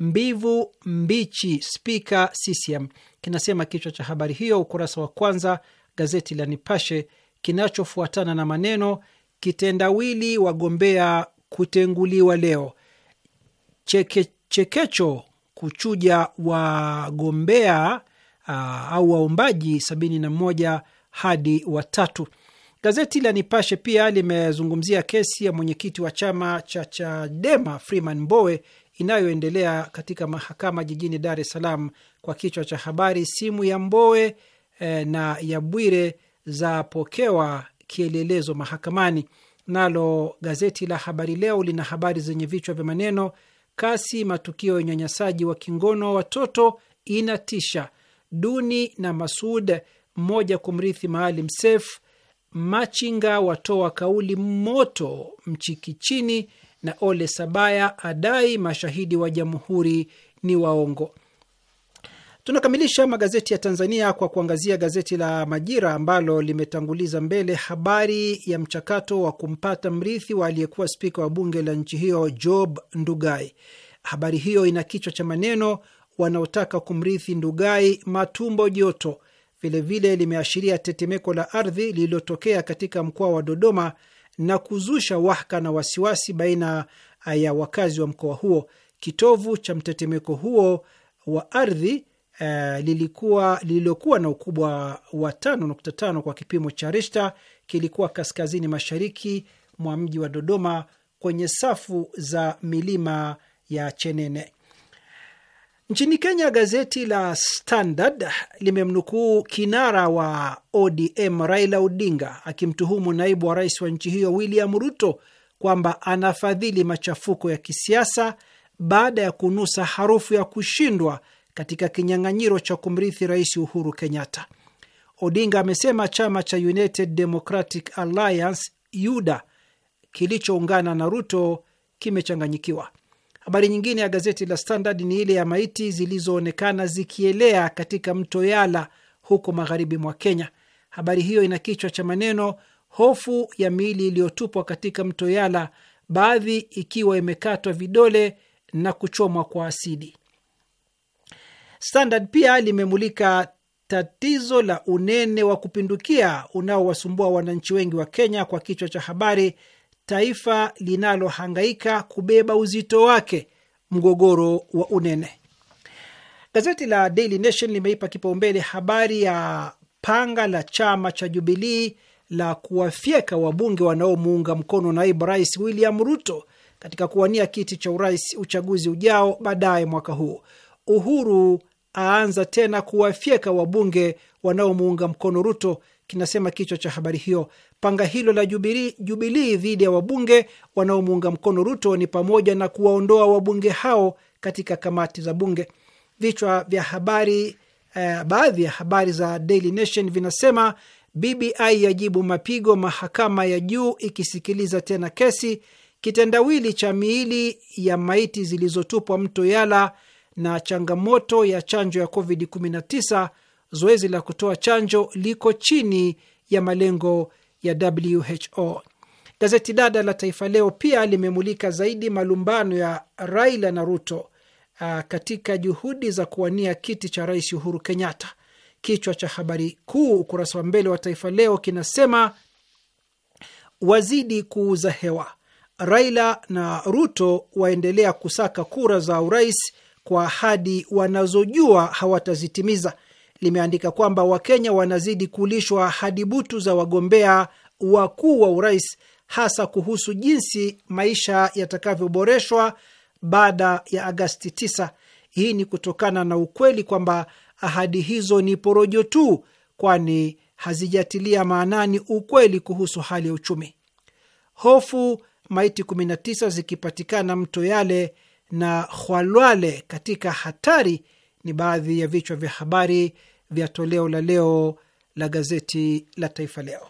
mbivu mbichi spika CCM, kinasema kichwa cha habari hiyo, ukurasa wa kwanza gazeti la Nipashe, kinachofuatana na maneno kitendawili wagombea kutenguliwa leo, cheke chekecho kuchuja wagombea uh, au waombaji sabini na moja hadi watatu. Gazeti la Nipashe pia limezungumzia kesi ya mwenyekiti wa chama cha Chadema Freeman Mbowe inayoendelea katika mahakama jijini Dar es Salaam kwa kichwa cha habari simu ya Mbowe eh, na ya Bwire zapokewa kielelezo mahakamani. Nalo gazeti la Habari Leo lina habari zenye vichwa vya maneno kasi matukio ya unyanyasaji wa kingono wa watoto inatisha, Duni na Masud mmoja kumrithi Maalim Sef, machinga watoa kauli moto Mchikichini, na Ole Sabaya adai mashahidi wa jamhuri ni waongo. Tunakamilisha magazeti ya Tanzania kwa kuangazia gazeti la Majira ambalo limetanguliza mbele habari ya mchakato wa kumpata mrithi wa aliyekuwa spika wa bunge la nchi hiyo Job Ndugai. Habari hiyo ina kichwa cha maneno wanaotaka kumrithi Ndugai matumbo joto. Vilevile limeashiria tetemeko la ardhi lililotokea katika mkoa wa Dodoma na kuzusha wahka na wasiwasi baina ya wakazi wa mkoa huo. Kitovu cha mtetemeko huo wa ardhi uh, lilikuwa lililokuwa na ukubwa wa 5.5 kwa kipimo cha rishta kilikuwa kaskazini mashariki mwa mji wa Dodoma kwenye safu za milima ya Chenene. Nchini Kenya, gazeti la Standard limemnukuu kinara wa ODM Raila Odinga akimtuhumu naibu wa rais wa nchi hiyo William Ruto kwamba anafadhili machafuko ya kisiasa baada ya kunusa harufu ya kushindwa katika kinyang'anyiro cha kumrithi Rais Uhuru Kenyatta. Odinga amesema chama cha United Democratic Alliance UDA kilichoungana na Ruto kimechanganyikiwa. Habari nyingine ya gazeti la Standard ni ile ya maiti zilizoonekana zikielea katika mto Yala huko magharibi mwa Kenya. Habari hiyo ina kichwa cha maneno hofu ya miili iliyotupwa katika mto Yala, baadhi ikiwa imekatwa vidole na kuchomwa kwa asidi. Standard pia limemulika tatizo la unene wa kupindukia unaowasumbua wananchi wengi wa Kenya kwa kichwa cha habari taifa linalohangaika kubeba uzito wake mgogoro wa unene. Gazeti la Daily Nation limeipa kipaumbele habari ya panga la chama cha Jubilii la kuwafyeka wabunge wanaomuunga mkono naibu rais William Ruto katika kuwania kiti cha urais uchaguzi ujao baadaye mwaka huu. Uhuru aanza tena kuwafyeka wabunge wanaomuunga mkono Ruto, kinasema kichwa cha habari hiyo. Panga hilo la Jubilii dhidi ya wabunge wanaomuunga mkono Ruto ni pamoja na kuwaondoa wabunge hao katika kamati za bunge. Vichwa vya habari eh, baadhi ya habari za Daily Nation vinasema BBI yajibu mapigo mahakama ya juu ikisikiliza tena kesi, kitendawili cha miili ya maiti zilizotupwa mto Yala na changamoto ya chanjo ya COVID-19, zoezi la kutoa chanjo liko chini ya malengo ya WHO. Gazeti dada la Taifa Leo pia limemulika zaidi malumbano ya Raila na Ruto a, uh, katika juhudi za kuwania kiti cha rais Uhuru Kenyatta. Kichwa cha habari kuu ukurasa wa mbele wa Taifa Leo kinasema wazidi kuuza hewa, Raila na Ruto waendelea kusaka kura za urais kwa ahadi wanazojua hawatazitimiza limeandika kwamba Wakenya wanazidi kulishwa hadi butu za wagombea wakuu wa urais, hasa kuhusu jinsi maisha yatakavyoboreshwa baada ya Agasti 9. Hii ni kutokana na ukweli kwamba ahadi hizo ni porojo tu, kwani hazijatilia maanani ukweli kuhusu hali ya uchumi. Hofu maiti 19 zikipatikana Mto Yale na Khwalwale katika hatari ni baadhi ya vichwa vya habari vya toleo la leo la gazeti la Taifa Leo.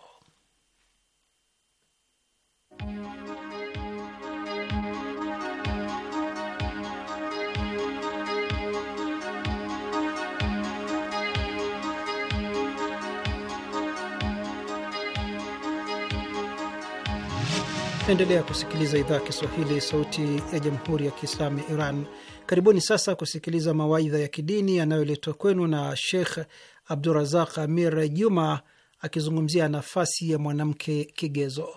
Endelea kusikiliza idhaa ya Kiswahili, sauti ya jamhuri ya kiislamu ya Iran. Karibuni sasa kusikiliza mawaidha ya kidini yanayoletwa kwenu na Sheikh Abdurazaq Amir Juma akizungumzia nafasi ya mwanamke kigezo.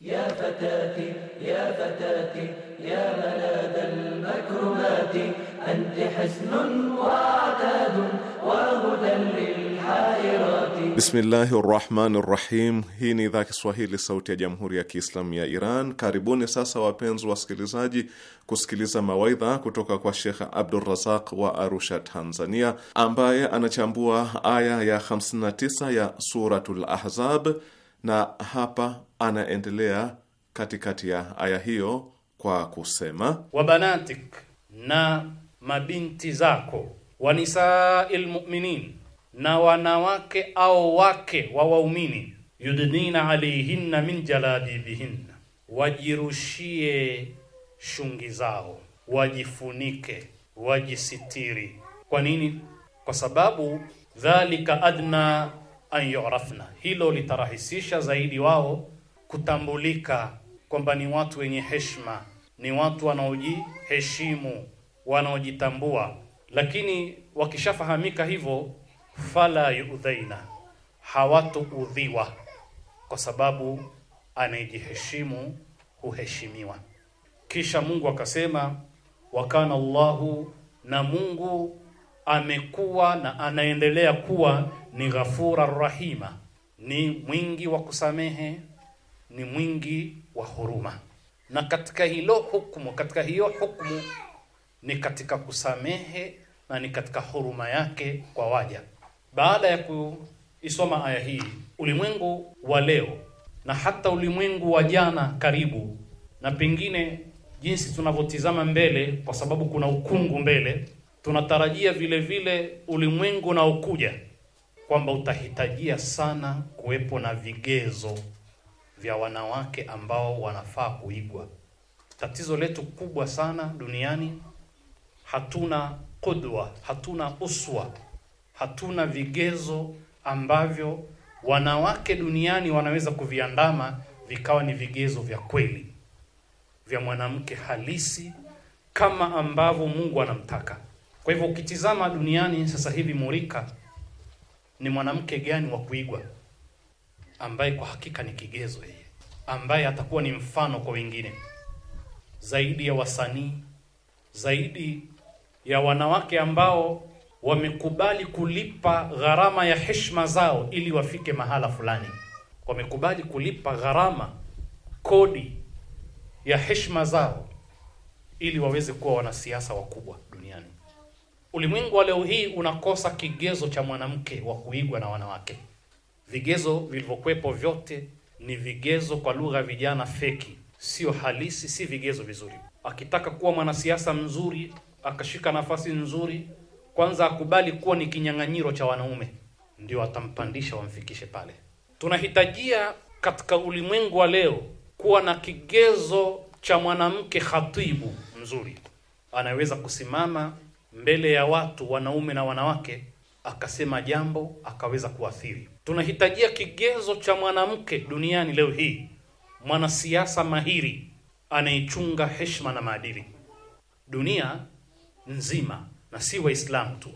Ya fatati, ya fatati, ya makrumati, anti wa atadun wa hudan Bismillahi rahmani rahim. Hii ni idhaa Kiswahili sauti ya jamhuri ya Kiislamu ya Iran. Karibuni sasa wapenzi wasikilizaji, kusikiliza mawaidha kutoka kwa Shekh Abdurazaq wa Arusha, Tanzania, ambaye anachambua aya ya 59 ya Suratul Ahzab, na hapa anaendelea katikati ya aya hiyo kwa kusema wabanatik, na mabinti zako, wanisail lmuminin na wanawake au wake wa waumini, yudnina alaihinna min jalabibihinna, wajirushie shungi zao, wajifunike, wajisitiri. Kwa nini? Kwa sababu dhalika adna an yurafna, hilo litarahisisha zaidi wao kutambulika kwamba ni watu wenye heshima, ni watu wanaojiheshimu, wanaojitambua. Lakini wakishafahamika hivyo fala yuudhaina, hawatoudhiwa kwa sababu anayejiheshimu huheshimiwa. Kisha Mungu akasema wakana Allahu, na Mungu amekuwa na anaendelea kuwa ni ghafura rahima, ni mwingi wa kusamehe, ni mwingi wa huruma. Na katika hilo hukumu, katika hiyo hukumu ni katika kusamehe na ni katika huruma yake kwa waja. Baada ya kuisoma aya hii, ulimwengu wa leo na hata ulimwengu wa jana karibu, na pengine jinsi tunavyotizama mbele, kwa sababu kuna ukungu mbele, tunatarajia vile vile ulimwengu unaokuja kwamba utahitajia sana kuwepo na vigezo vya wanawake ambao wanafaa kuigwa. Tatizo letu kubwa sana duniani, hatuna kudwa, hatuna uswa hatuna vigezo ambavyo wanawake duniani wanaweza kuviandama vikawa ni vigezo vya kweli vya mwanamke halisi kama ambavyo Mungu anamtaka. Kwa hivyo ukitizama duniani sasa hivi, murika ni mwanamke gani wa kuigwa ambaye kwa hakika ni kigezo yeye, ambaye atakuwa ni mfano kwa wengine zaidi ya wasanii, zaidi ya wanawake ambao wamekubali kulipa gharama ya heshima zao ili wafike mahala fulani. Wamekubali kulipa gharama, kodi ya heshima zao ili waweze kuwa wanasiasa wakubwa duniani. Ulimwengu wa leo hii unakosa kigezo cha mwanamke wa kuigwa na wanawake. Vigezo vilivyokuwepo vyote ni vigezo kwa lugha vijana feki, sio halisi, si vigezo vizuri. Akitaka kuwa mwanasiasa mzuri, akashika nafasi nzuri kwanza akubali kuwa ni kinyang'anyiro cha wanaume, ndio atampandisha wamfikishe pale. Tunahitajia katika ulimwengu wa leo kuwa na kigezo cha mwanamke khatibu mzuri, anaweza kusimama mbele ya watu wanaume na wanawake akasema jambo akaweza kuathiri. Tunahitajia kigezo cha mwanamke duniani leo hii, mwanasiasa mahiri anayechunga heshima na maadili. Dunia nzima na si Waislamu tu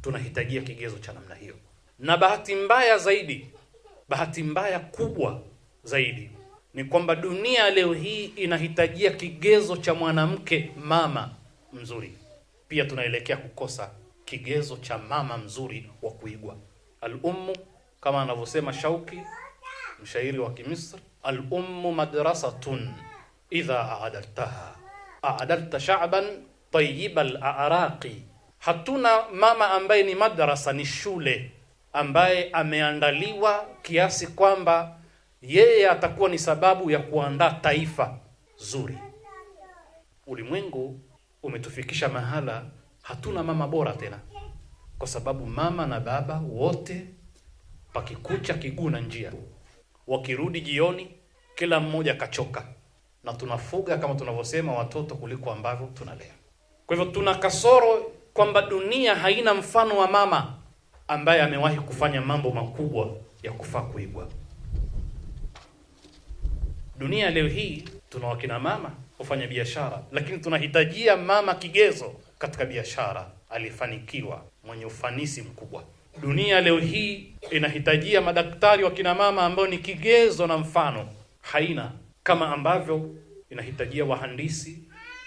tunahitajia kigezo cha namna hiyo. Na bahati mbaya zaidi, bahati mbaya kubwa zaidi ni kwamba dunia leo hii inahitajia kigezo cha mwanamke mama mzuri. Pia tunaelekea kukosa kigezo cha mama mzuri wa kuigwa. al kama anavyosema Shauki, mshairi wa Kimisri, al madrasatun idha a'adaltaha adalta sha'ban tayyibal a'raqi Hatuna mama ambaye ni madarasa ni shule ambaye ameandaliwa kiasi kwamba yeye atakuwa ni sababu ya kuandaa taifa zuri. Ulimwengu umetufikisha mahala hatuna mama bora tena, kwa sababu mama na baba wote pakikucha kiguu na njia, wakirudi jioni kila mmoja kachoka, na tunafuga kama tunavyosema watoto kuliko ambavyo tunalea. Kwa hivyo tuna kasoro kwamba dunia haina mfano wa mama ambaye amewahi kufanya mambo makubwa ya kufaa kuigwa. Dunia leo hii tuna wakina mama kufanya biashara, lakini tunahitajia mama kigezo katika biashara, alifanikiwa, mwenye ufanisi mkubwa. Dunia leo hii inahitajia madaktari wa kina mama ambao ni kigezo na mfano, haina kama ambavyo inahitajia wahandisi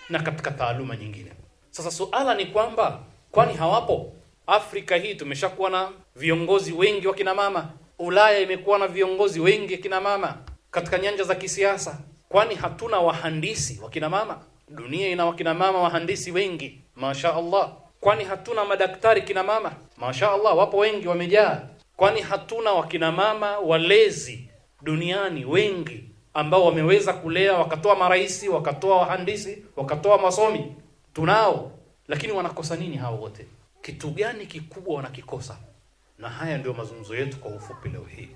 na katika taaluma nyingine. Sasa suala ni kwamba kwani hawapo? Afrika hii tumeshakuwa na viongozi wengi wa kina mama, Ulaya imekuwa na viongozi wengi kina mama katika nyanja za kisiasa. Kwani hatuna wahandisi wa kina mama? Dunia ina wakina mama wahandisi wengi, masha Allah. Kwani hatuna madaktari kina mama? Masha Allah, wapo wengi, wamejaa. Kwani hatuna wakina mama walezi duniani wengi ambao wameweza kulea, wakatoa maraisi, wakatoa wahandisi, wakatoa masomi? tunao, lakini wanakosa nini hao wote? Kitu gani kikubwa wanakikosa? Na haya ndio mazungumzo yetu kwa ufupi leo hii.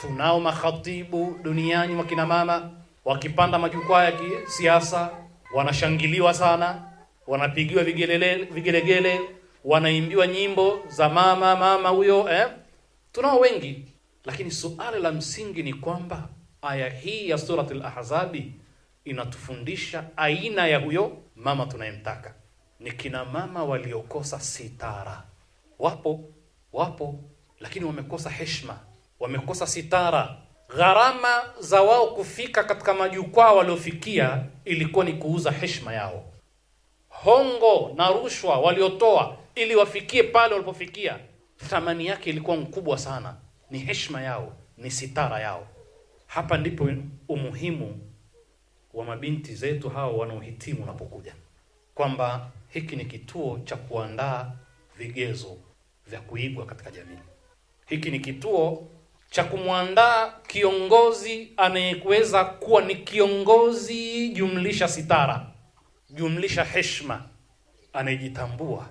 Tunao makhatibu duniani, wakina mama wakipanda majukwaa ya kisiasa wanashangiliwa sana, wanapigiwa vigelele, vigelegele, wanaimbiwa nyimbo za mama mama huyo eh? Tunao wengi, lakini suala la msingi ni kwamba aya hii ya Suratul Ahzabi inatufundisha aina ya huyo mama tunayemtaka. Ni kina mama waliokosa sitara, wapo wapo, lakini wamekosa heshma wamekosa sitara. Gharama za wao kufika katika majukwaa waliofikia ilikuwa ni kuuza heshma yao, hongo na rushwa waliotoa ili wafikie pale walipofikia, thamani yake ilikuwa mkubwa sana, ni heshma yao, ni sitara yao. Hapa ndipo umuhimu wa mabinti zetu hao wanaohitimu unapokuja, kwamba hiki ni kituo cha kuandaa vigezo vya kuigwa katika jamii. Hiki ni kituo cha kumwandaa kiongozi anayeweza kuwa ni kiongozi jumlisha sitara jumlisha heshima, anayejitambua.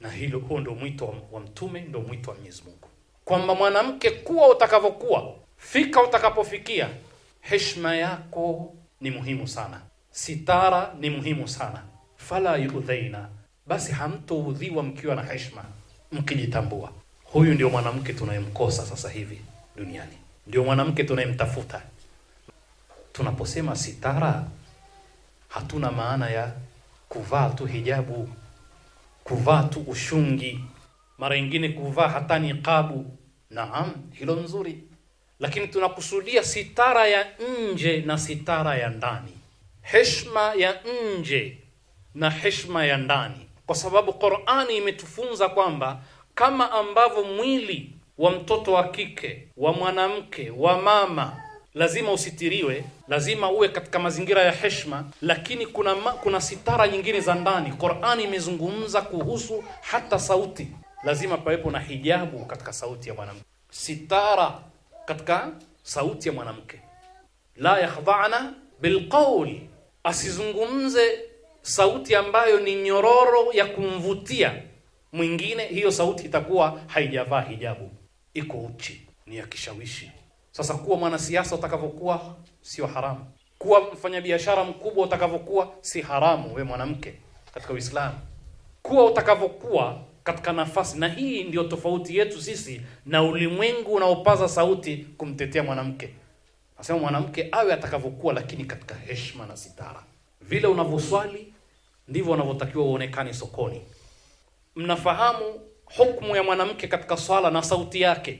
Na hilo huo ndio mwito wa Mtume, ndio mwito wa Mwenyezi Mungu kwamba mwanamke, kuwa utakavyokuwa, fika utakapofikia, heshima yako ni muhimu sana, sitara ni muhimu sana. Fala yudhaina, basi hamtoudhiwa mkiwa na heshima, mkijitambua. Huyu ndio mwanamke tunayemkosa sasa hivi duniani, ndio mwanamke tunayemtafuta. Tunaposema sitara, hatuna maana ya kuvaa tu hijabu, kuvaa tu ushungi, mara nyingine kuvaa hata niqabu. Naam, hilo nzuri lakini tunakusudia sitara ya nje na sitara ya ndani, heshma ya nje na heshma ya ndani, kwa sababu Qur'ani imetufunza kwamba kama ambavyo mwili wa mtoto wa kike, wa mwanamke, wa mama lazima usitiriwe, lazima uwe katika mazingira ya heshma lakini kuna ma, kuna sitara nyingine za ndani. Qur'ani imezungumza kuhusu hata sauti, lazima pawepo na hijabu katika sauti ya mwanamke, sitara katika sauti ya mwanamke. La yakhdha'na bilqawl, asizungumze sauti ambayo ni nyororo ya kumvutia mwingine, hiyo sauti itakuwa haijavaa hijabu, iko uchi, ni ya kishawishi. Sasa kuwa mwanasiasa utakavyokuwa sio haramu, kuwa mfanyabiashara mkubwa utakavyokuwa si haramu, we mwanamke katika Uislamu, kuwa utakavyokuwa katika nafasi, na hii ndio tofauti yetu sisi na ulimwengu unaopaza sauti kumtetea mwanamke. Nasema mwanamke awe atakavyokuwa, lakini katika heshma na sitara. Vile unavyoswali ndivyo unavyotakiwa uonekane sokoni. Mnafahamu hukmu ya mwanamke katika swala na sauti yake.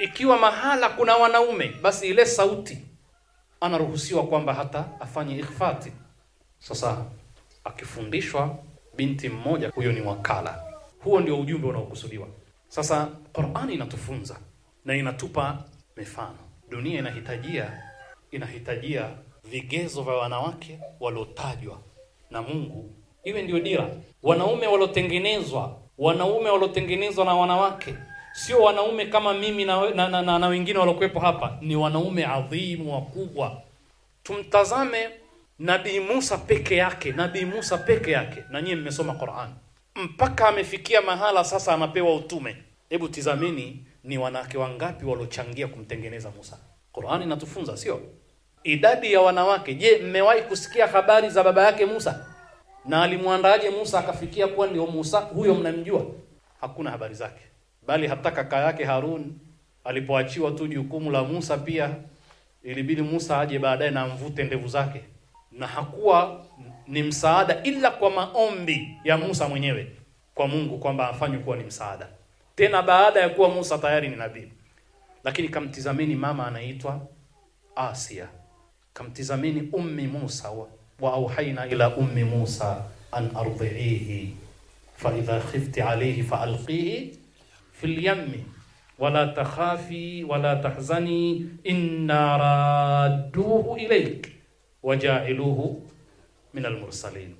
Ikiwa mahala kuna wanaume, basi ile sauti anaruhusiwa kwamba hata afanye ikhfati. Sasa akifundishwa binti mmoja, huyo ni wakala. Huo ndio ujumbe unaokusudiwa. Sasa Qur'ani inatufunza na inatupa mifano. Dunia inahitajia inahitajia vigezo vya wanawake waliotajwa na Mungu, iwe ndio dira. Wanaume waliotengenezwa, wanaume waliotengenezwa na wanawake, sio wanaume kama mimi na, na, na, na, na wengine waliokuwepo hapa, ni wanaume adhimu wakubwa. Tumtazame Nabii Musa peke yake, Nabii Musa peke yake, na nyie mmesoma Qur'an, mpaka amefikia mahala sasa anapewa utume. Hebu tizamini ni wanawake wangapi waliochangia kumtengeneza Musa. Qur'an inatufunza sio idadi ya wanawake. Je, mmewahi kusikia habari za baba yake Musa na alimwandaaje Musa akafikia kuwa ndio Musa huyo mnamjua? Hakuna habari zake, bali hata kaka yake Harun alipoachiwa tu jukumu la Musa, pia ilibidi Musa aje baadaye na mvute ndevu zake na hakuwa ni msaada ila kwa maombi ya Musa mwenyewe kwa Mungu kwamba afanywe kuwa ni msaada, tena baada ya kuwa Musa tayari ni nabii. Lakini kamtizameni mama anaitwa Asia, kamtizameni ummi Musa wa, wa auhaina ila ummi Musa an ardhiihi fa idha khifti alayhi fa alqihi fil yammi wala takhafi wala tahzani inna radduhu ilayki wajailuhu min almursalin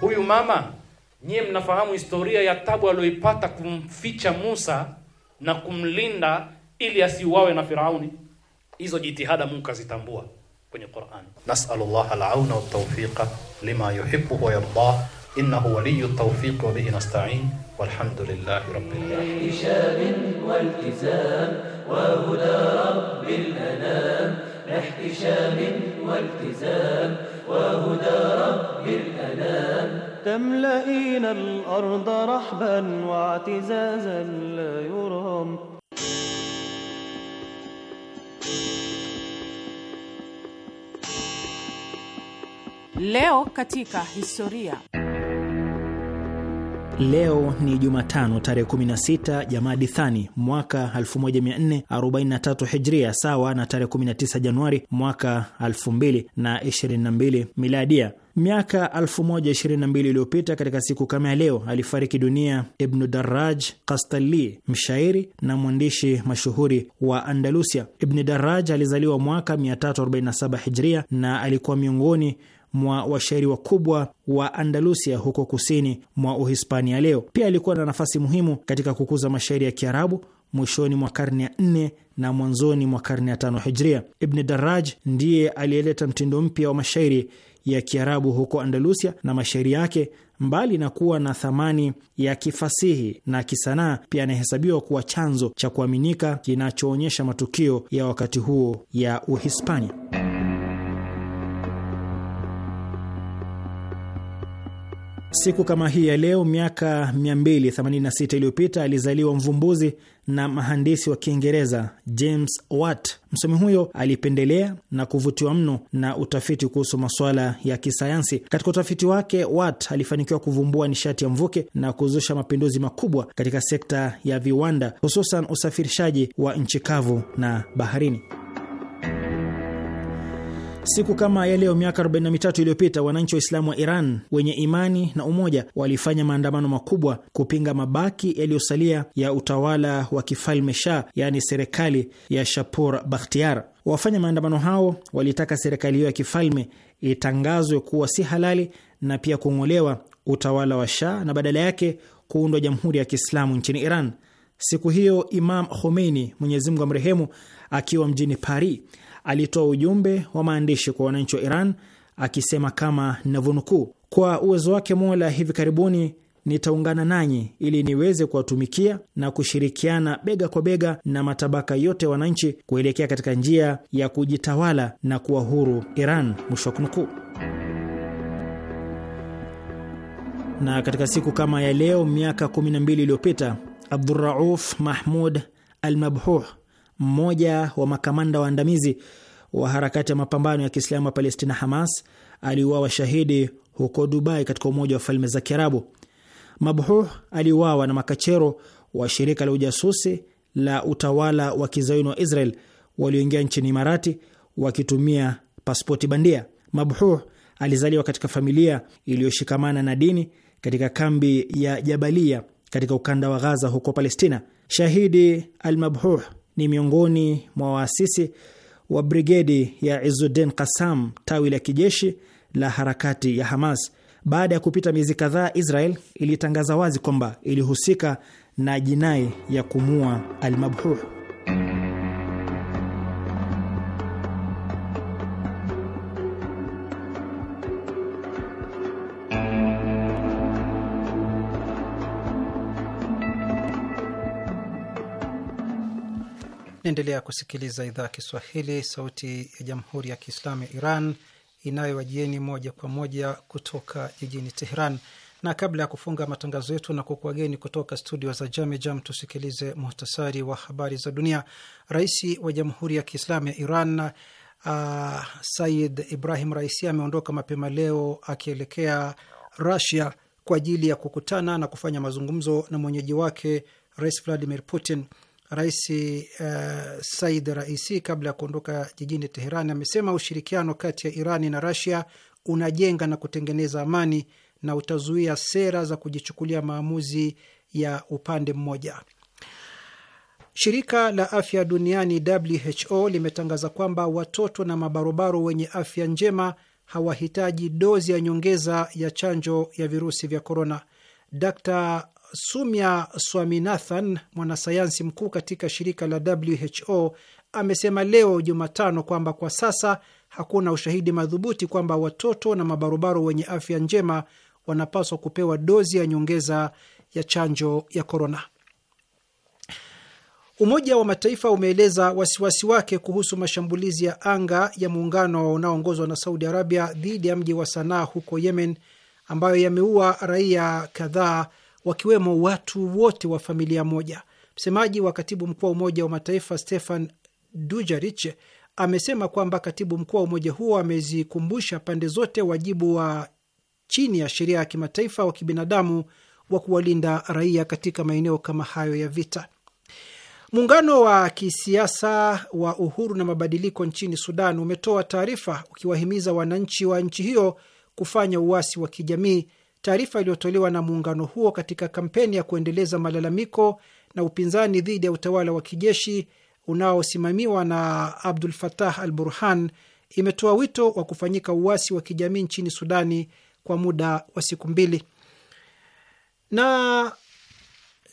huyu mama nyie mnafahamu historia ya tabu aliyoipata kumficha musa na kumlinda ili asiuawe na firauni hizo jitihada mungu kazitambua kwenye qurani nasalullah alauna waltaufiqa lima yuhibuhu wayardah innahu waliyu ltaufiq wabihi nastain والحمد لله رب العالمين. احتشام والتزام وهدى رب الانام باحتشام والتزام وهدى رب الأنام تملئين الأرض رحبا واعتزازا لا يرام Leo katika historia. Leo ni Jumatano tarehe 16 Jamadi Thani mwaka 1443 Hijria, sawa na tarehe 19 Januari mwaka 2022 Miladia. Miaka 1022 iliyopita katika siku kama ya leo alifariki dunia Ibnu Daraj Kastalli, mshairi na mwandishi mashuhuri wa Andalusia. Ibnu Daraj alizaliwa mwaka 347 Hijria na alikuwa miongoni mwa washairi wakubwa wa Andalusia huko kusini mwa Uhispania leo. Pia alikuwa na nafasi muhimu katika kukuza mashairi ya Kiarabu mwishoni mwa karne ya nne na mwanzoni mwa karne ya tano hijria. ibn Daraj ndiye aliyeleta mtindo mpya wa mashairi ya Kiarabu huko Andalusia, na mashairi yake mbali na kuwa na thamani ya kifasihi na kisanaa, pia anahesabiwa kuwa chanzo cha kuaminika kinachoonyesha matukio ya wakati huo ya Uhispania. Siku kama hii ya leo miaka 286 iliyopita alizaliwa mvumbuzi na mhandisi wa Kiingereza James Watt. Msomi huyo alipendelea na kuvutiwa mno na utafiti kuhusu masuala ya kisayansi. Katika utafiti wake, Watt alifanikiwa kuvumbua nishati ya mvuke na kuzusha mapinduzi makubwa katika sekta ya viwanda, hususan usafirishaji wa nchi kavu na baharini. Siku kama ya leo miaka 43 iliyopita wananchi Waislamu wa Iran wenye imani na umoja walifanya maandamano makubwa kupinga mabaki yaliyosalia ya utawala wa kifalme Shah, yaani serikali ya Shapur Bakhtiar. Wafanya maandamano hao walitaka serikali hiyo ya kifalme itangazwe kuwa si halali na pia kung'olewa utawala wa Shah na badala yake kuundwa jamhuri ya Kiislamu nchini Iran. Siku hiyo Imam Khomeini, Mwenyezi Mungu amrehemu, akiwa mjini Paris alitoa ujumbe wa maandishi kwa wananchi wa Iran akisema kama navyonukuu: kwa uwezo wake Mola, hivi karibuni nitaungana nanyi ili niweze kuwatumikia na kushirikiana bega kwa bega na matabaka yote wananchi kuelekea katika njia ya kujitawala na kuwa huru Iran. Mwisho wa kunukuu. Na katika siku kama ya leo miaka 12 iliyopita Abdurauf Mahmud almabhuh mmoja wa makamanda waandamizi wa harakati ya mapambano ya Kiislamu ya Palestina, Hamas, aliuawa shahidi huko Dubai katika Umoja wa Falme za Kiarabu. Mabhuh aliuawa na makachero wa shirika la ujasusi la utawala wa kizayuni wa Israel walioingia nchini Imarati wakitumia paspoti bandia. Mabhuh alizaliwa katika familia iliyoshikamana na dini katika kambi ya Jabalia katika ukanda wa Ghaza huko Palestina. Shahidi al Mabhuh ni miongoni mwa waasisi wa brigedi ya izudin Kasam, tawi la kijeshi la harakati ya Hamas. Baada ya kupita miezi kadhaa, Israel ilitangaza wazi kwamba ilihusika na jinai ya kumua al-Mabhouh. Naendelea kusikiliza idhaa ya Kiswahili, sauti ya jamhuri ya kiislamu ya Iran inayowajieni moja kwa moja kutoka jijini Teheran. Na kabla ya kufunga matangazo yetu na kukuageni kutoka studio za Jamejam, tusikilize muhtasari wa habari za dunia. Rais wa jamhuri ya kiislamu ya Iran Uh, Said Ibrahim Raisi ameondoka mapema leo akielekea rasia kwa ajili ya kukutana na kufanya mazungumzo na mwenyeji wake Rais Vladimir Putin. Rais uh, Said Raisi kabla ya kuondoka jijini Teherani amesema ushirikiano kati ya Irani na Rasia unajenga na kutengeneza amani na utazuia sera za kujichukulia maamuzi ya upande mmoja. Shirika la afya duniani WHO limetangaza kwamba watoto na mabarobaro wenye afya njema hawahitaji dozi ya nyongeza ya chanjo ya virusi vya korona. Dr Sumya Swaminathan, mwanasayansi mkuu katika shirika la WHO, amesema leo Jumatano kwamba kwa sasa hakuna ushahidi madhubuti kwamba watoto na mabarobaro wenye afya njema wanapaswa kupewa dozi ya nyongeza ya chanjo ya korona. Umoja wa Mataifa umeeleza wasiwasi wake kuhusu mashambulizi ya anga ya muungano unaoongozwa na Saudi Arabia dhidi ya mji wa Sanaa huko Yemen, ambayo yameua raia kadhaa wakiwemo watu wote wa familia moja. Msemaji wa katibu mkuu wa Umoja wa Mataifa Stefan Dujarric amesema kwamba katibu mkuu wa umoja huo amezikumbusha pande zote wajibu wa chini ya sheria ya kimataifa wa kibinadamu wa kuwalinda raia katika maeneo kama hayo ya vita. Muungano wa kisiasa wa Uhuru na Mabadiliko nchini Sudan umetoa taarifa ukiwahimiza wananchi wa nchi hiyo kufanya uasi wa kijamii Taarifa iliyotolewa na muungano huo katika kampeni ya kuendeleza malalamiko na upinzani dhidi ya utawala wa kijeshi unaosimamiwa na Abdul Fatah al Burhan imetoa wito wa kufanyika uasi wa kijamii nchini Sudani kwa muda wa siku mbili. Na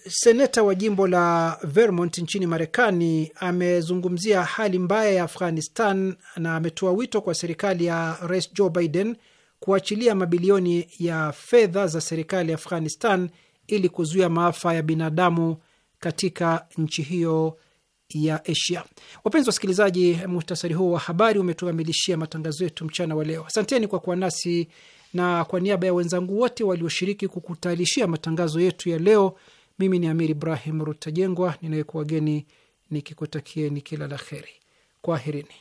seneta wa jimbo la Vermont nchini Marekani amezungumzia hali mbaya ya Afghanistan na ametoa wito kwa serikali ya Rais Joe Biden kuachilia mabilioni ya fedha za serikali ya Afghanistan ili kuzuia maafa ya binadamu katika nchi hiyo ya Asia. Wapenzi wasikilizaji, muhtasari huu wa habari umetukamilishia matangazo yetu mchana wa leo. Asanteni kwa kuwa nasi na kwa niaba ya wenzangu wote walioshiriki kukutayarishia matangazo yetu ya leo, mimi ni Amir Ibrahim Rutajengwa ninayekuwageni nikikutakieni kila la heri. Kwaherini.